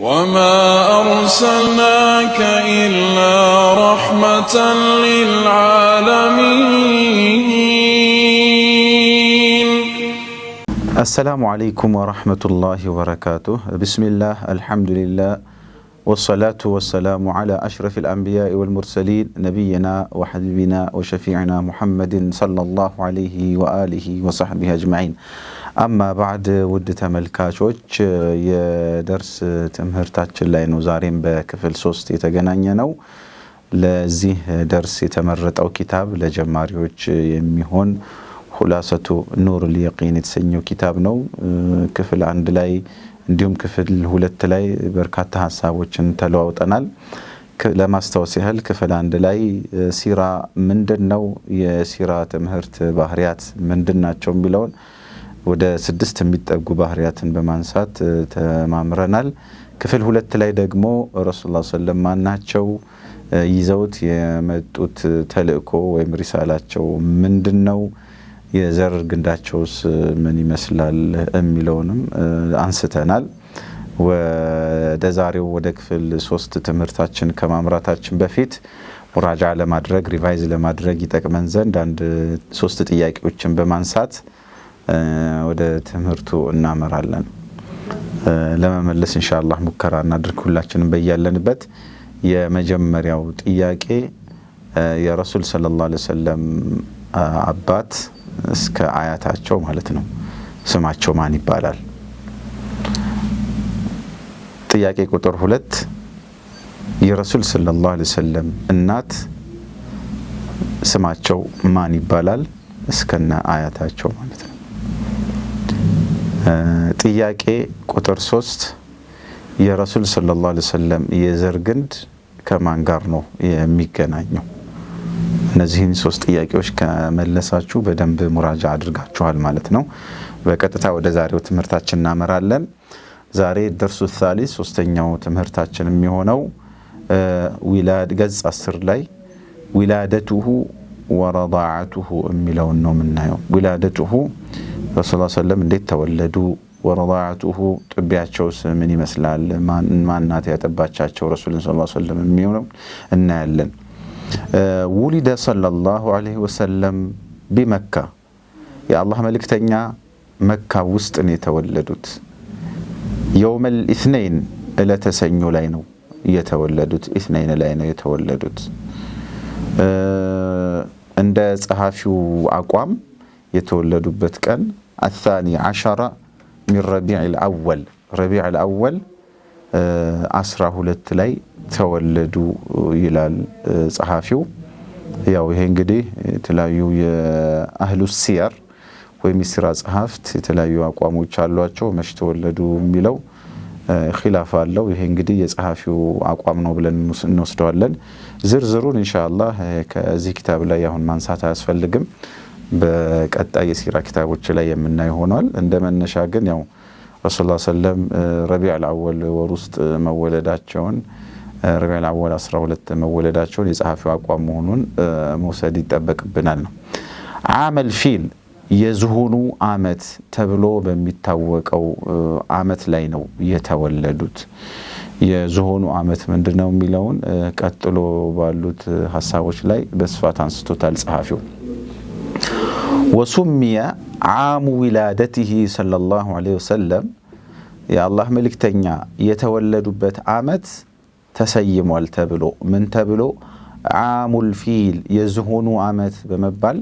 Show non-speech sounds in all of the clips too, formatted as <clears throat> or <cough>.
وما أرسلناك إلا رحمة للعالمين السلام عليكم ورحمة الله وبركاته بسم الله الحمد لله والصلاة والسلام على أشرف الأنبياء والمرسلين نبينا وحبيبنا وشفيعنا محمد صلى الله عليه وآله وصحبه أجمعين አማ ባዕድ ውድ ተመልካቾች የደርስ ትምህርታችን ላይ ነው። ዛሬም በክፍል ሶስት የተገናኘ ነው። ለዚህ ደርስ የተመረጠው ኪታብ ለጀማሪዎች የሚሆን ሁላሰቱ ኑሩል የቂን የተሰኘው ኪታብ ነው። ክፍል አንድ ላይ እንዲሁም ክፍል ሁለት ላይ በርካታ ሀሳቦችን ተለዋውጠናል። ለማስታወስ ያህል ክፍል አንድ ላይ ሲራ ምንድን ነው፣ የሲራ ትምህርት ባህሪያት ምንድን ናቸው የሚለውን ወደ ስድስት የሚጠጉ ባህርያትን በማንሳት ተማምረናል። ክፍል ሁለት ላይ ደግሞ ረሱል ላ ሰለም ማናቸው ይዘውት የመጡት ተልእኮ ወይም ሪሳላቸው ምንድን ነው? የዘር ግንዳቸውስ ምን ይመስላል? የሚለውንም አንስተናል። ወደ ዛሬው ወደ ክፍል ሶስት ትምህርታችን ከማምራታችን በፊት ሙራጃ ለማድረግ ሪቫይዝ ለማድረግ ይጠቅመን ዘንድ አንድ ሶስት ጥያቄዎችን በማንሳት ወደ ትምህርቱ እናመራለን። ለመመለስ እንሻላህ ሙከራ እናድርግ። ሁላችንም በያለንበት። የመጀመሪያው ጥያቄ የረሱል ሰለላሁ ዐለይሂ ወሰለም አባት እስከ አያታቸው ማለት ነው ስማቸው ማን ይባላል? ጥያቄ ቁጥር ሁለት የረሱል ሰለላሁ ዐለይሂ ወሰለም እናት ስማቸው ማን ይባላል? እስከነ አያታቸው ማለት ነው። ጥያቄ ቁጥር ሶስት የረሱል ሰለላሁ ዐለይሂ ወሰለም የዘር ግንድ ከማን ጋር ነው የሚገናኘው? እነዚህን ሶስት ጥያቄዎች ከመለሳችሁ በደንብ ሙራጃ አድርጋችኋል ማለት ነው። በቀጥታ ወደ ዛሬው ትምህርታችን እናመራለን። ዛሬ ደርሱ ሳሊስ ሶስተኛው ትምህርታችን የሚሆነው ገጽ አስር ላይ ዊላደቱሁ ወረዳዓቱሁ የሚለውን ነው የምናየው። ዊላደቱሁ ረሱ ላ ሰለም እንዴት ተወለዱ? ወረዳዓቱሁ ጥቢያቸውስ ምን ይመስላል? ማናት ያጠባቻቸው ረሱልን ስ ሰለም የሚሆነው እናያለን። ውሊደ ሰለላሁ ዐለይሂ ወሰለም ቢመካ የአላህ መልእክተኛ መካ ውስጥ ነው የተወለዱት። የውመል ኢትነይን ዕለተ ሰኞ ላይ ነው የተወለዱት። ኢትነይን ላይ ነው የተወለዱት። እንደ ጸሐፊው አቋም የተወለዱበት ቀን አሳኒ ዓሸራ ሚን ረቢዕ ልአወል ረቢዕ ልአወል አስራ ሁለት ላይ ተወለዱ ይላል ጸሐፊው። ያው ይሄ እንግዲህ የተለያዩ የአህሉ ሲያር ወይም የሲራ ጸሐፍት የተለያዩ አቋሞች አሏቸው። መች ተወለዱ የሚለው ኪላፍ አለው። ይሄ እንግዲህ የጸሐፊው አቋም ነው ብለን እንወስደዋለን። ዝርዝሩን ኢንሻአላህ ከዚህ ኪታብ ላይ አሁን ማንሳት አያስፈልግም። በቀጣይ የሲራ ኪታቦች ላይ የምናይ ሆኗል። እንደ መነሻ ግን ያው ረሱል ላ ሰለም ረቢዕ ልአወል ወር ውስጥ መወለዳቸውን ረቢዕ ልአወል 12 መወለዳቸውን የጸሐፊው አቋም መሆኑን መውሰድ ይጠበቅብናል ነው። አመል ፊል የዝሆኑ አመት ተብሎ በሚታወቀው አመት ላይ ነው የተወለዱት። የዝሆኑ አመት ምንድን ነው የሚለውን ቀጥሎ ባሉት ሀሳቦች ላይ በስፋት አንስቶታል ጸሐፊው። ወሱሚየ ዓሙ ዊላደትህ ሰለላሁ ዐለይሂ ወሰለም የአላህ መልእክተኛ የተወለዱበት ዓመት ተሰይሟል ተብሎ ምን ተብሎ ዓሙል ፊል የዝሆኑ ዓመት በመባል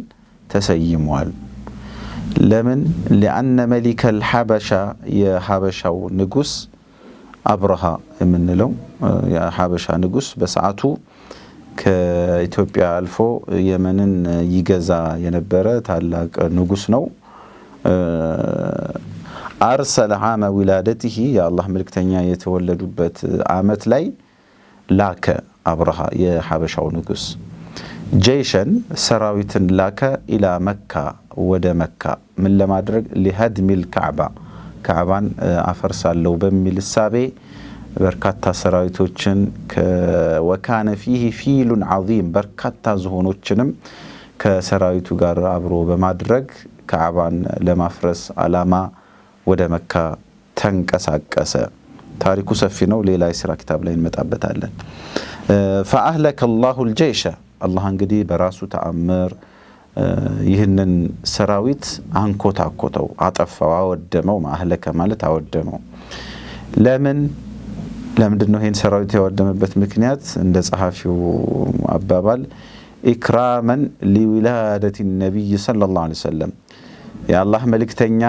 ተሰይሟል። ለምን? ሊአነ መሊከል ሐበሻ የሐበሻው ንጉስ አብረሃ የምንለው የሐበሻ ንጉስ በሰዓቱ ከኢትዮጵያ አልፎ የመንን ይገዛ የነበረ ታላቅ ንጉስ ነው። አርሰለ ሐመ ዊላደትህ የአላህ መልክተኛ የተወለዱበት አመት ላይ ላከ አብርሃ የሐበሻው ንጉስ ጀይሸን ሰራዊትን ላከ ኢላ መካ ወደ መካ ምን ለማድረግ ሊሀድሚል ካዕባ ካዕባን አፈርሳለሁ በሚል እሳቤ በርካታ ሰራዊቶችን ወካነ ፊህ ፊሉን ዓዚም በርካታ ዝሆኖችንም ከሰራዊቱ ጋር አብሮ በማድረግ ከዓባን ለማፍረስ አላማ ወደ መካ ተንቀሳቀሰ። ታሪኩ ሰፊ ነው። ሌላ የስራ ኪታብ ላይ እንመጣበታለን። ፈአህለከ ላሁ ልጀይሸ አላህ እንግዲህ በራሱ ተአምር ይህንን ሰራዊት አንኮታኮተው፣ አጠፋው፣ አወደመው። ማህለከ ማለት አወደመው። ለምን ለምንድን ነው ይህን ሰራዊት የወደመበት ምክንያት? እንደ ጸሐፊው አባባል ኢክራመን ሊውላደት ነቢይ ሰለላሁ ዐለይሂ ወሰለም የአላህ መልእክተኛ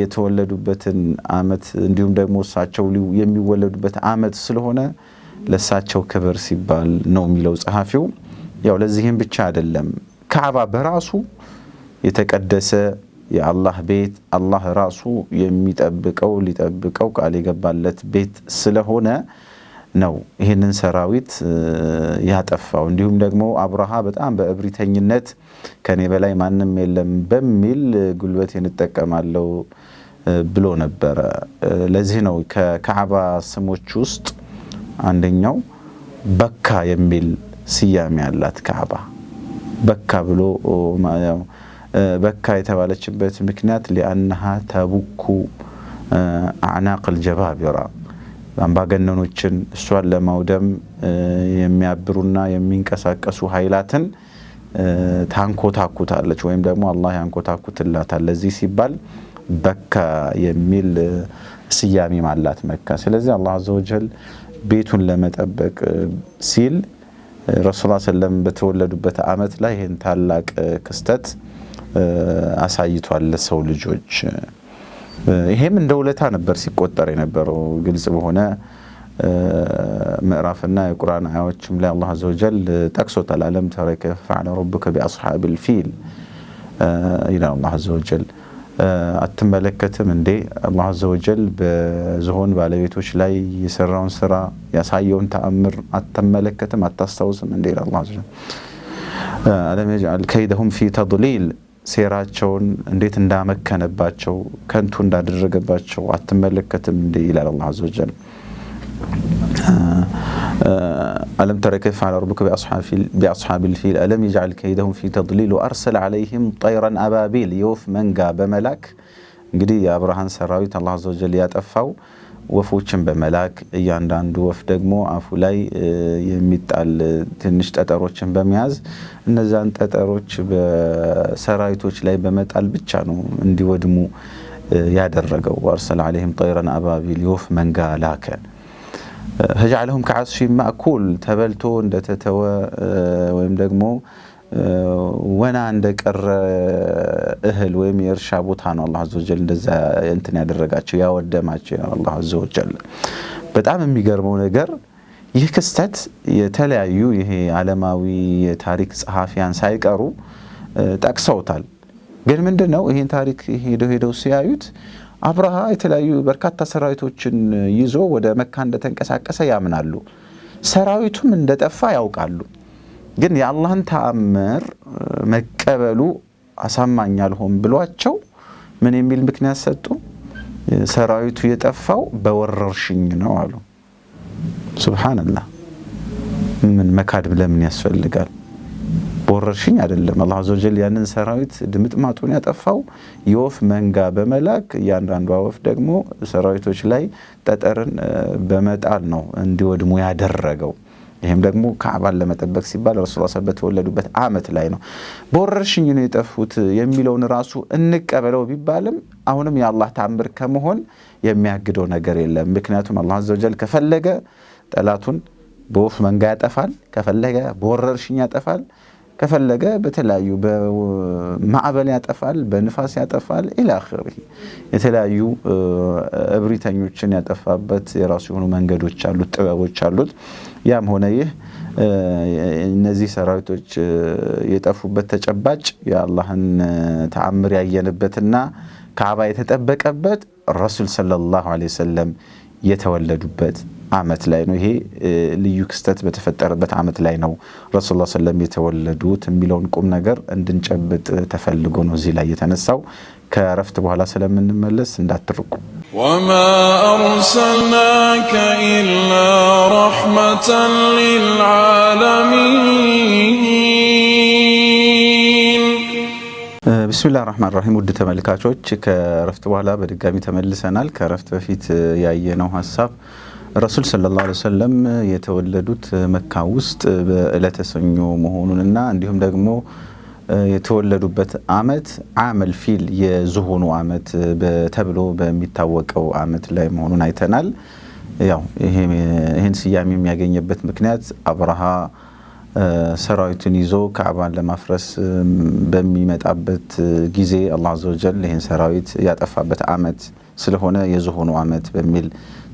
የተወለዱበትን አመት እንዲሁም ደግሞ እሳቸው የሚወለዱበት አመት ስለሆነ ለእሳቸው ክብር ሲባል ነው የሚለው ጸሐፊው። ያው ለዚህም ብቻ አይደለም፣ ካዕባ በራሱ የተቀደሰ የአላህ ቤት አላህ ራሱ የሚጠብቀው ሊጠብቀው ቃል የገባለት ቤት ስለሆነ ነው ይህንን ሰራዊት ያጠፋው። እንዲሁም ደግሞ አብርሃ በጣም በእብሪተኝነት ከኔ በላይ ማንም የለም በሚል ጉልበት እንጠቀማለው ብሎ ነበረ። ለዚህ ነው ከካዕባ ስሞች ውስጥ አንደኛው በካ የሚል ስያሜ ያላት ካዕባ በካ ብሎ በካ የተባለችበት ምክንያት ሊአናሃ ተቡኩ አዕናቅል ጀባቢራ አምባገነኖችን እሷን ለማውደም የሚያብሩና የሚንቀሳቀሱ ኃይላትን ታንኮታኩታለች ወይም ደግሞ አላህ ያንኮታኩትላታል። ለዚህ ሲባል በካ የሚል ስያሜም አላት መካ። ስለዚህ አላህ አዘወጀል ቤቱን ለመጠበቅ ሲል ረሱል ሰለም በተወለዱበት ዓመት ላይ ይህን ታላቅ ክስተት አሳይቷል ለሰው ልጆች። ይሄም እንደ ውለታ ነበር ሲቆጠር የነበረው ግልጽ በሆነ ምዕራፍና የቁርአን አያዎችም ላይ አላህ አዘወጀል ጠቅሶታል። አለም ተረከ ከይፈ ፈዐለ ረቡከ ቢአስሓብል ፊል ይላል አላህ አዘወጀል። አትመለከትም እንዴ አላህ አዘወጀል በዝሆን ባለቤቶች ላይ የሰራውን ስራ ያሳየውን ተአምር አትመለከትም አታስታውስም እንዴ ይላል አላህ ወጀል። አለም የጅዐል ከይደሁም ፊ ተድሊል سيراتشون ሴራቸውን እንዴት እንዳመከነባቸው ከንቱ እንዳደረገባቸው አትመለከትም እንዲ الله عز وجل ألم تر كيف فعل ربك بأصحاب الفيل ألم يجعل كيدهم في تضليل وأرسل عليهم طيرا أبابيل يوف من جاب ملاك قدي يا أبراهيم سراويت الله عز وجل يا أفاو ወፎችን በመላክ እያንዳንዱ ወፍ ደግሞ አፉ ላይ የሚጣል ትንሽ ጠጠሮችን በመያዝ እነዛን ጠጠሮች በሰራዊቶች ላይ በመጣል ብቻ ነው እንዲወድሙ ያደረገው። ወአርሰለ ዓለይሂም ጠይረን አባቢል የወፍ መንጋ ላከ። ፈጀዐለሁም ከዓስፊን ማእኩል ተበልቶ እንደተተወ ወይም ደግሞ ወና እንደ ቀረ እህል ወይም የእርሻ ቦታ ነው አላህ አዘወጀል እንደዛ እንትን ያደረጋቸው ያወደማቸው አላህ አዘወጀል። በጣም የሚገርመው ነገር ይህ ክስተት የተለያዩ ይሄ ዓለማዊ የታሪክ ጸሐፊያን ሳይቀሩ ጠቅሰውታል። ግን ምንድን ነው ይህን ታሪክ ሄደው ሄደው ሲያዩት አብርሃ የተለያዩ በርካታ ሰራዊቶችን ይዞ ወደ መካ እንደተንቀሳቀሰ ያምናሉ። ሰራዊቱም እንደጠፋ ያውቃሉ። ግን የአላህን ተአምር መቀበሉ አሳማኝ አልሆን ብሏቸው ምን የሚል ምክንያት ሰጡ? ሰራዊቱ የጠፋው በወረርሽኝ ነው አሉ። ሱብሓነላህ ምን መካድ ለምን ያስፈልጋል? በወረርሽኝ አይደለም። አላህ አዘወጀል ያንን ሰራዊት ድምጥማጡን ያጠፋው የወፍ መንጋ በመላክ እያንዳንዷ ወፍ ደግሞ ሰራዊቶች ላይ ጠጠርን በመጣል ነው እንዲወድሙ ያደረገው። ይህም ደግሞ ከአባን ለመጠበቅ ሲባል ረሱል ስ በተወለዱበት አመት ላይ ነው። በወረርሽኝ ነው የጠፉት የሚለውን ራሱ እንቀበለው ቢባልም አሁንም የአላህ ታምር ከመሆን የሚያግደው ነገር የለም። ምክንያቱም አላህ ወጀል ከፈለገ ጠላቱን በወፍ መንጋ ያጠፋል፣ ከፈለገ በወረርሽኝ ያጠፋል፣ ከፈለገ በተለያዩ በማዕበል ያጠፋል፣ በንፋስ ያጠፋል። ኢላክር የተለያዩ እብሪተኞችን ያጠፋበት የራሱ የሆኑ መንገዶች አሉት፣ ጥበቦች አሉት። ያም ሆነ ይህ እነዚህ ሰራዊቶች የጠፉበት ተጨባጭ የአላህን ተአምር ያየንበትና ካዕባ የተጠበቀበት ረሱል ሰለላሁ ዐለይሂ ወሰለም የተወለዱበት ዓመት ላይ ነው። ይሄ ልዩ ክስተት በተፈጠረበት ዓመት ላይ ነው ረሱል ላ ሰለም የተወለዱት የሚለውን ቁም ነገር እንድንጨብጥ ተፈልጎ ነው እዚህ ላይ የተነሳው። ከእረፍት በኋላ ስለምንመለስ እንዳትርቁ። وما أرسلناك إلا رحمة للعالمين بسم الله الرحمن الرحيم ውድ ተመልካቾች ከእረፍት በኋላ በድጋሚ ተመልሰናል። ከእረፍት በፊት ያየነው ሀሳብ ረሱል ሰለላሁ ዐለይሂ ወሰለም የተወለዱት መካ ውስጥ በዕለተ መሆኑንና እንዲሁም ደግሞ የተወለዱበት አመት አመል ፊል የዝሆኑ አመት ተብሎ በሚታወቀው አመት ላይ መሆኑን አይተናል። ያው ይህን ስያሜ የሚያገኝበት ምክንያት አብርሃ ሰራዊቱን ይዞ ካዕባን ለማፍረስ በሚመጣበት ጊዜ አላህ አዘወጀል ይህን ሰራዊት ያጠፋበት አመት ስለሆነ የዝሆኑ አመት በሚል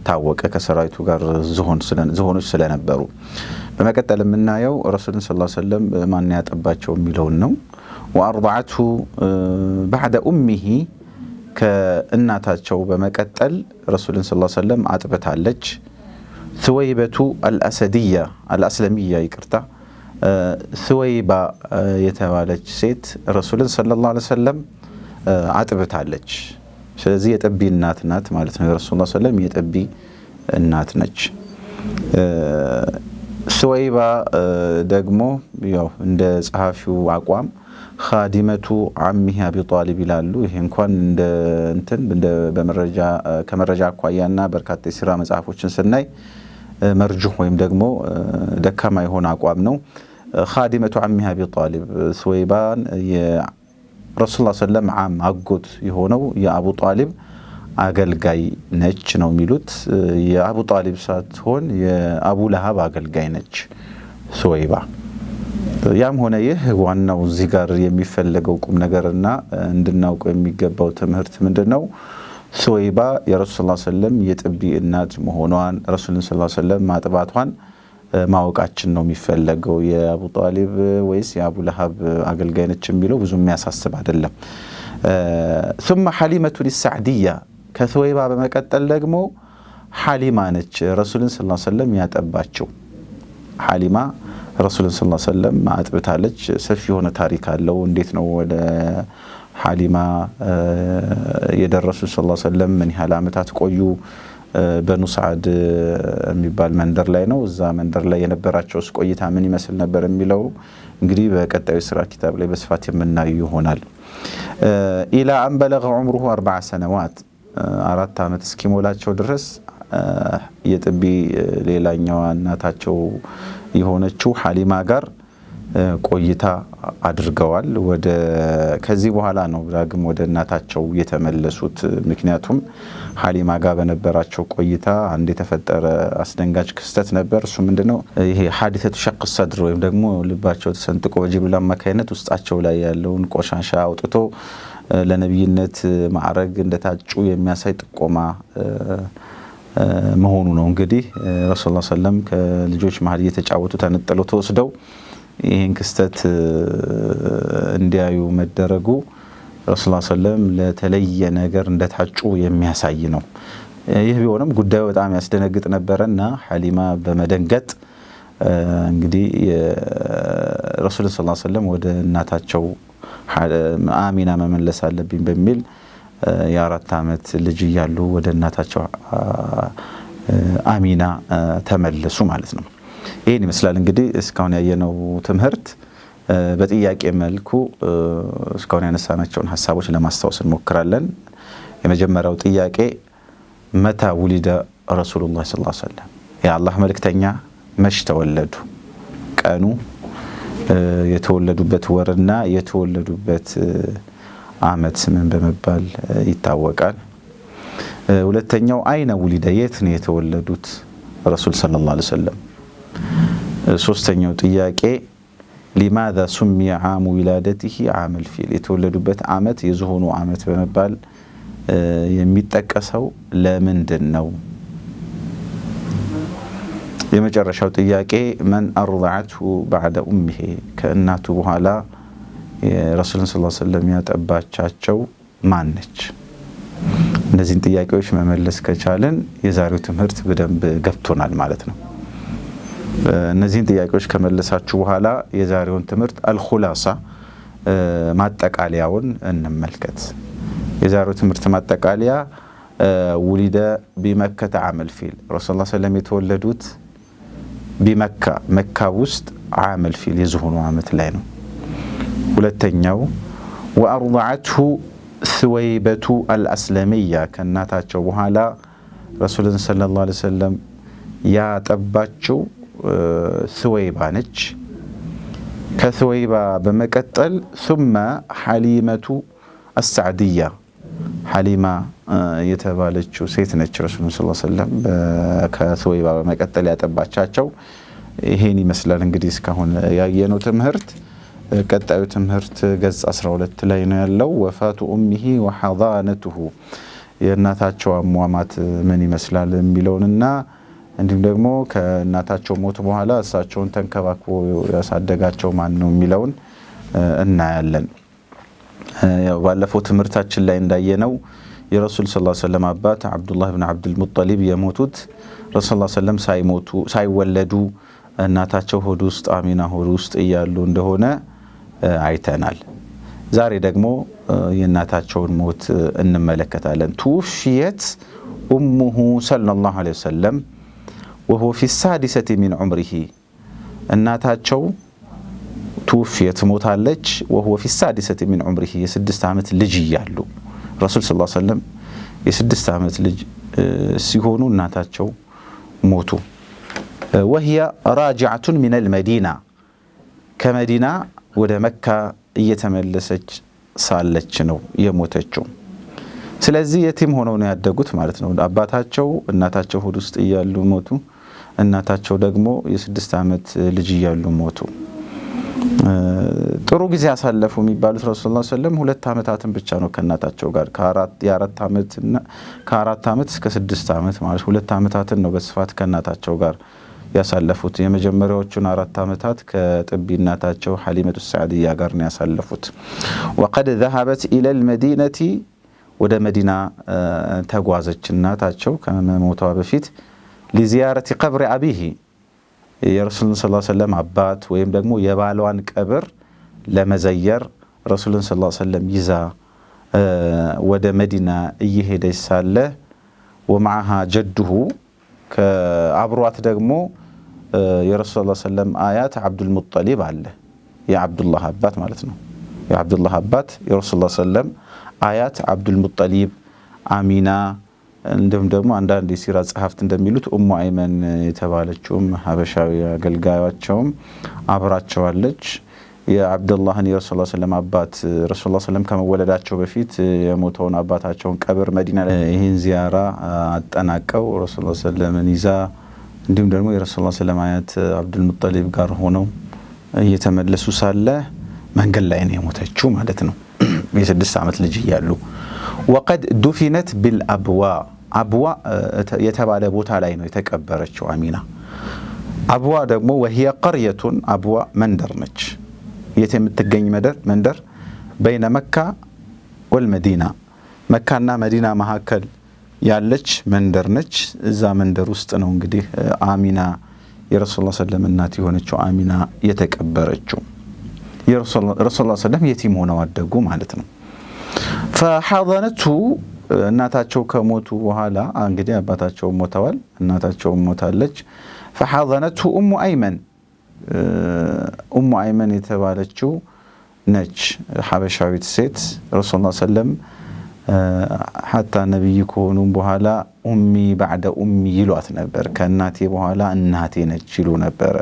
ታወቀ ከሰራዊቱ ጋር ዝሆኖች ስለነበሩ። በመቀጠል የምናየው ረሱልን ስ ሰለም ማን ያጠባቸው የሚለውን ነው። ወአርባዓቱ ባዕደ ኡሚሂ ከእናታቸው በመቀጠል ረሱልን ስ ሰለም አጥብታለች። ስወይበቱ አልአሰድያ አልአስለሚያ ይቅርታ ስወይባ የተባለች ሴት ረሱልን ሰለላሁ ዐለይሂ ወሰለም አጥብታለች። ስለዚህ የጠቢ እናት ናት ማለት ነው። የረሱል ሰለም የጠቢ እናት ነች። ስወይባ ደግሞ ያው እንደ ጸሐፊው አቋም ካዲመቱ አሚህ አቢ ጣሊብ ይላሉ። ይሄ እንኳን እንደ እንትን ከመረጃ አኳያና በርካታ የሲራ መጽሐፎችን ስናይ መርጁህ ወይም ደግሞ ደካማ የሆነ አቋም ነው። ካዲመቱ አሚህ አቢ ጣሊብ ስወይባን ረሱል ሰለም ዓም አጎት የሆነው የአቡ ጣሊብ አገልጋይ ነች ነው የሚሉት። የአቡ ጣሊብ ሳትሆን የአቡ ለሀብ አገልጋይ ነች ሱወይባ። ያም ሆነ ይህ ዋናው እዚህ ጋር የሚፈለገው ቁም ነገርና እንድናውቀው የሚገባው ትምህርት ምንድን ነው? ሱወይባ የረሱል ሰለም የጥቢ እናት መሆኗን፣ ረሱልን ሰለም ማጥባቷን ማወቃችን ነው የሚፈለገው። የአቡ ጣሊብ ወይስ የአቡ ለሀብ አገልጋይ ነች የሚለው ብዙ የሚያሳስብ አይደለም። ሱመ ሐሊመቱን ሳዕድያ ከትወይባ በመቀጠል ደግሞ ሐሊማ ነች ረሱልን ስላ ሰለም ያጠባቸው ሐሊማ ረሱልን ስላ ሰለም አጥብታለች። ሰፊ የሆነ ታሪክ አለው። እንዴት ነው ወደ ሐሊማ የደረሱት ስላ ሰለም ምን ያህል ዓመታት ቆዩ? በኑሳድ የሚባል መንደር ላይ ነው። እዛ መንደር ላይ የነበራቸውስ ቆይታ ምን ይመስል ነበር የሚለው እንግዲህ በቀጣዩ ስራ ኪታብ ላይ በስፋት የምናዩ ይሆናል። ኢላ አን በለገ ዑምሩሁ አርባ ሰነዋት አራት ዓመት እስኪሞላቸው ድረስ የጥቢ ሌላኛዋ እናታቸው የሆነችው ሀሊማ ጋር ቆይታ አድርገዋል። ወደ ከዚህ በኋላ ነው ዳግም ወደ እናታቸው የተመለሱት። ምክንያቱም ሀሊማ ጋር በነበራቸው ቆይታ አንድ የተፈጠረ አስደንጋጭ ክስተት ነበር። እሱ ምንድነው? ይሄ ሀዲሰቱ ሸቅ ሰድር ወይም ደግሞ ልባቸው ተሰንጥቆ በጅብላ አማካኝነት ውስጣቸው ላይ ያለውን ቆሻሻ አውጥቶ ለነቢይነት ማዕረግ እንደታጩ የሚያሳይ ጥቆማ መሆኑ ነው። እንግዲህ ረሱል ሰለም ከልጆች መሀል እየተጫወቱ ተነጥለው ተወስደው ይህን ክስተት እንዲያዩ መደረጉ ረሱላ ሰለም ለተለየ ነገር እንደታጩ የሚያሳይ ነው። ይህ ቢሆንም ጉዳዩ በጣም ያስደነግጥ ነበረ እና ሐሊማ በመደንገጥ እንግዲህ ረሱል ስ ሰለም ወደ እናታቸው አሚና መመለስ አለብኝ በሚል የአራት ዓመት ልጅ እያሉ ወደ እናታቸው አሚና ተመለሱ ማለት ነው። ይህን ይመስላል እንግዲህ እስካሁን ያየነው ትምህርት። በጥያቄ መልኩ እስካሁን ያነሳናቸውን ሀሳቦች ለማስታወስ እንሞክራለን። የመጀመሪያው ጥያቄ መታ ውሊደ ረሱሉላህ ሰለላሁ ዐለይሂ ወሰለም፣ የአላህ መልክተኛ መች ተወለዱ? ቀኑ፣ የተወለዱበት ወርና የተወለዱበት አመት ምን በመባል ይታወቃል? ሁለተኛው አይነ ውሊደ፣ የት ነው የተወለዱት ረሱል ሰለላሁ ዐለይሂ ወሰለም ሶስተኛው ጥያቄ ሊማዛ ሱሚየ ዓሙ ዊላደቲሂ ዓመል ፊል የተወለዱበት ዓመት የዝሆኑ ዓመት በመባል የሚጠቀሰው ለምንድን ነው? የመጨረሻው ጥያቄ መን አርዳዓቱ ባዕደ ኡሚሄ ከእናቱ በኋላ የረሱልን ስ ሰለም ያጠባቻቸው ማን ነች? እነዚህን ጥያቄዎች መመለስ ከቻልን የዛሬው ትምህርት በደንብ ገብቶናል ማለት ነው። እነዚህን ጥያቄዎች ከመለሳችሁ በኋላ የዛሬውን ትምህርት አልኹላሳ ማጠቃለያውን እንመልከት። የዛሬው ትምህርት ማጠቃለያ ውሊደ ቢመከተ ዓመል ፊል ረሱል ሰለም የተወለዱት ቢመካ መካ ውስጥ ዓመል ፊል የዝሆኑ ዓመት ላይ ነው። ሁለተኛው ወአርضዓትሁ ስወይበቱ አልአስለሚያ ከእናታቸው በኋላ ረሱልን ሰለላሁ ዐለይሂ ወሰለም ያጠባቸው ስወይባ ነች። ከስወይባ በመቀጠል ሱመ ሐሊመቱ አሳዕድያ ሐሊማ የተባለችው ሴት ነች። ረሱሉን ስ ሰለም ከስወይባ በመቀጠል ያጠባቻቸው ይሄን ይመስላል። እንግዲህ እስካሁን ያየነው ትምህርት ቀጣዩ ትምህርት ገጽ 12 ላይ ነው ያለው። ወፋቱ ኡሚሂ ወሐዛነቱሁ የእናታቸው አሟሟት ምን ይመስላል የሚለውንና እንዲሁም ደግሞ ከእናታቸው ሞት በኋላ እሳቸውን ተንከባክቦ ያሳደጋቸው ማን ነው የሚለውን እናያለን። ያው ባለፈው ትምህርታችን ላይ እንዳየነው የረሱል ስላ ሰለም አባት አብዱላህ ብን አብዱልሙጠሊብ የሞቱት ረሱል ስ ሰለም ሳይወለዱ እናታቸው ሆድ ውስጥ አሚና ሆድ ውስጥ እያሉ እንደሆነ አይተናል። ዛሬ ደግሞ የእናታቸውን ሞት እንመለከታለን። ቱፍየት ኡሙሁ ሰለላሁ ዐለይሂ ወሰለም ወሁወ ፊ ሳዲሰቲ ሚን ዑምሪሂ እናታቸው ትውፍየት ትሞታለች። ወሁወ ፊ ሳዲሰቲ ሚን ዑምሪሂ የስድስት ዓመት ልጅ እያሉ ረሱል ስ ሰለም የስድስት ዓመት ልጅ ሲሆኑ እናታቸው ሞቱ። ወህያ ራጅዓቱን ሚነል መዲና ከመዲና ወደ መካ እየተመለሰች ሳለች ነው የሞተችው። ስለዚህ የቲም ሆነው ነው ያደጉት ማለት ነው። አባታቸው እናታቸው ሆድ ውስጥ እያሉ ሞቱ። እናታቸው ደግሞ የስድስት ዓመት ልጅ እያሉ ሞቱ። ጥሩ ጊዜ አሳለፉ የሚባሉት ረሱል ላ ስለም ሁለት ዓመታትን ብቻ ነው ከእናታቸው ጋር ከአራት ዓመት እስከ ስድስት ዓመት ማለት ሁለት ዓመታትን ነው በስፋት ከእናታቸው ጋር ያሳለፉት። የመጀመሪያዎቹን አራት ዓመታት ከጥቢ እናታቸው ሐሊመቱ ሳዕድያ ጋር ነው ያሳለፉት። ወቀድ ዘሀበት ኢለል መዲነቲ ወደ መዲና ተጓዘች እናታቸው ከመሞቷ በፊት لزيارة قبر أبيه إيه، رسول الله صلى الله عليه وسلم عبات ويم دقمو يبالوان قبر لما زير رسول الله صلى الله عليه وسلم يزا ودى مدينة إيه دي سالة ومعها جده كعبروات دقمو يا رسول الله صلى الله عليه وسلم آيات عبد المطلب عليه يا عبد الله عبات مالتنا يا عبد الله عبات يا رسول الله صلى الله عليه وسلم آيات عبد المطلب آمينة እንዲሁም ደግሞ አንዳንድ የሲራ ጸሐፍት እንደሚሉት ኡሙ አይመን የተባለችውም ሀበሻዊ አገልጋያቸውም አብራቸዋለች። የአብደላህን የረሱላ ስለም አባት ረሱላ ስለም ከመወለዳቸው በፊት የሞተውን አባታቸውን ቀብር መዲና ይህን ዚያራ አጠናቀው ረሱላ ስለምን ይዛ እንዲሁም ደግሞ የረሱላ ስለም አያት አብዱልሙጠሊብ ጋር ሆነው እየተመለሱ ሳለ መንገድ ላይ ነው የሞተችው ማለት ነው። <clears throat> የስድስት ዓመት ልጅ እያሉ ወቀድ ዱፊነት ቢልአብዋ አብዋ የተባለ ቦታ ላይ ነው የተቀበረችው አሚና። አብዋ ደግሞ ወህየ ቀርየቱን አብዋ መንደር ነች። የት የምትገኝ መንደር? በይነ መካ ወልመዲና መካና መዲና መካከል ያለች መንደር ነች። እዛ መንደር ውስጥ ነው እንግዲህ አሚና የረሱል ላ ስለም እናት የሆነችው አሚና የተቀበረችው። የረሱል ላ የቲም ሆነው አደጉ ማለት ነው። ፈሐዘነቱ እናታቸው ከሞቱ በኋላ እንግዲህ አባታቸው ሞተዋል፣ እናታቸው ሞታለች። ፈሐዘነቱ ኡሙ አይመን ኡሙ አይመን የተባለችው ነች ሐበሻዊት ሴት ረሱል ሰለም ሐታ ነቢይ ከሆኑ በኋላ ኡሚ ባዕደ ኡሚ ይሏት ነበር። ከእናቴ በኋላ እናቴ ነች ይሉ ነበረ።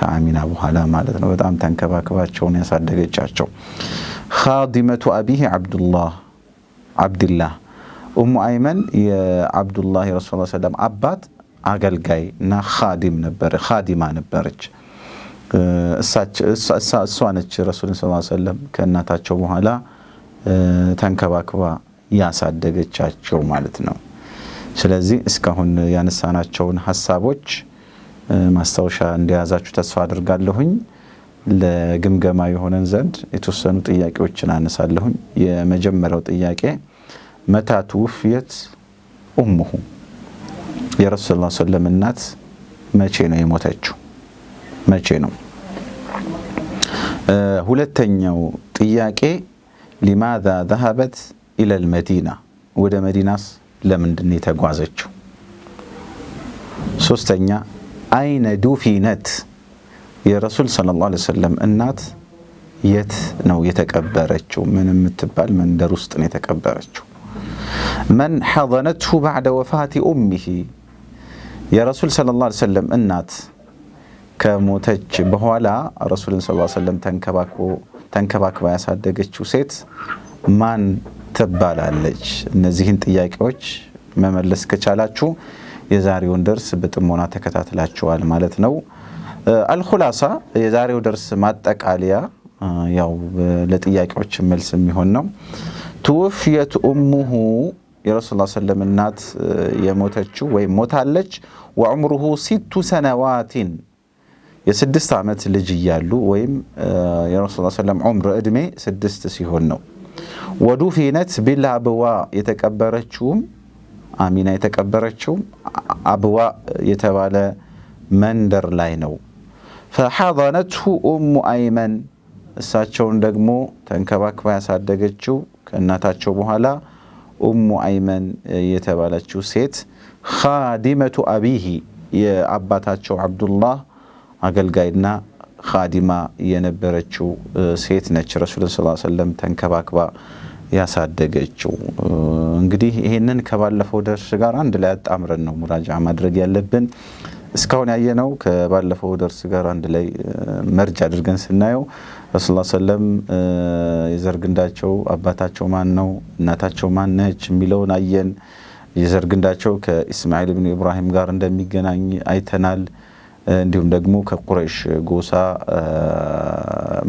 ከአሚና በኋላ ማለት ነው። በጣም ተንከባክባቸውን ያሳደገቻቸው ኻዲመቱ አቢህ ዓብዱላህ አብድላህ ኡሙ አይመን የአብዱላህ ረሱ ሰለም አባት አገልጋይ እና ኻዲም ነበር፣ ኻዲማ ነበረች። እሷ ነች ረሱልን ስ ሰለም ከእናታቸው በኋላ ተንከባክባ ያሳደገቻቸው ማለት ነው። ስለዚህ እስካሁን ያነሳናቸውን ሀሳቦች ማስታወሻ እንደያዛችሁ ተስፋ አድርጋለሁኝ። ለግምገማ የሆነን ዘንድ የተወሰኑ ጥያቄዎችን አነሳለሁኝ። የመጀመሪያው ጥያቄ መታ ትውፍየት ኡሙሁ የረሱል ላ ሰለም እናት መቼ ነው የሞተችው? መቼ ነው? ሁለተኛው ጥያቄ ሊማዛ ዘሀበት ኢለል መዲና ወደ መዲናስ ለምንድን የተጓዘችው? ሶስተኛ አይነ ዱፊነት የረሱል ሰለላሁ ዐለይሂ ወሰለም እናት የት ነው የተቀበረችው? ምን የምትባል መንደር ውስጥ ነው የተቀበረችው? መን ሐዘነትሁ ባዕደ ወፋቲ ኡሚሂ የረሱል ሰለላሁ ዐለይሂ ወሰለም እናት ከሞተች በኋላ ረሱልን ሰለላሁ ዐለይሂ ወሰለም ተንከባክባ ያሳደገችው ሴት ማን ትባላለች? እነዚህን ጥያቄዎች መመለስ ከቻላችሁ የዛሬውን ደርስ በጥሞና ተከታትላችኋል ማለት ነው። አልኩላሳ የዛሬው ደርስ ማጠቃለያ ያው ለጥያቄዎች መልስ የሚሆን ነው። ትውፍየት ኡሙሁ የረሱል ላ ስለም እናት የሞተችው ወይም ሞታለች። ወዕምሩሁ ሲቱ ሰነዋቲን የስድስት ዓመት ልጅ እያሉ ወይም የረሱል ላ ስለም ዑምር ዕድሜ ስድስት ሲሆን ነው። ወዱፊነት ቢል አብዋ የተቀበረችውም አሚና የተቀበረችውም አብዋ የተባለ መንደር ላይ ነው። ፈሐضነትሁ ኡሙ አይመን እሳቸውን ደግሞ ተንከባክባ ያሳደገችው ከእናታቸው በኋላ ኡሙ አይመን የተባለችው ሴት ኻዲመቱ አቢሂ የአባታቸው አብዱላህ አገልጋይና ኻዲማ የነበረችው ሴት ነች። ረሱልን ስ ሰለም ተንከባክባ ያሳደገችው። እንግዲህ ይህንን ከባለፈው ደርስ ጋር አንድ ላይ አጣምረን ነው ሙራጃ ማድረግ ያለብን። እስካሁን ያየነው ከባለፈው ደርስ ጋር አንድ ላይ መርጅ አድርገን ስናየው ረሱል ሰለም የዘር ግንዳቸው አባታቸው ማን ነው፣ እናታቸው ማን ነች የሚለውን አየን። የዘር ግንዳቸው ከኢስማኤል ብን ኢብራሂም ጋር እንደሚገናኝ አይተናል። እንዲሁም ደግሞ ከቁረሽ ጎሳ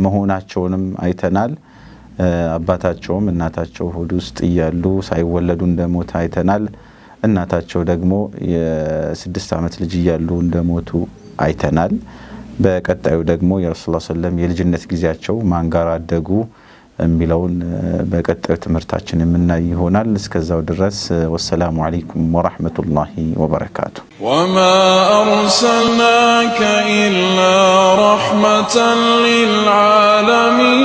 መሆናቸውንም አይተናል። አባታቸውም እናታቸው ሆድ ውስጥ እያሉ ሳይወለዱ እንደሞተ አይተናል። እናታቸው ደግሞ የስድስት ዓመት ልጅ እያሉ እንደሞቱ አይተናል። በቀጣዩ ደግሞ የረሱል ሰለም የልጅነት ጊዜያቸው ማን ጋር አደጉ የሚለውን በቀጣዩ ትምህርታችን የምናይ ይሆናል። እስከዛው ድረስ ወሰላሙ አለይኩም ወራህመቱላሂ ወበረካቱ። ወማ አርሰልናከ ኢላ ረሕመተን ሊልዓለሚን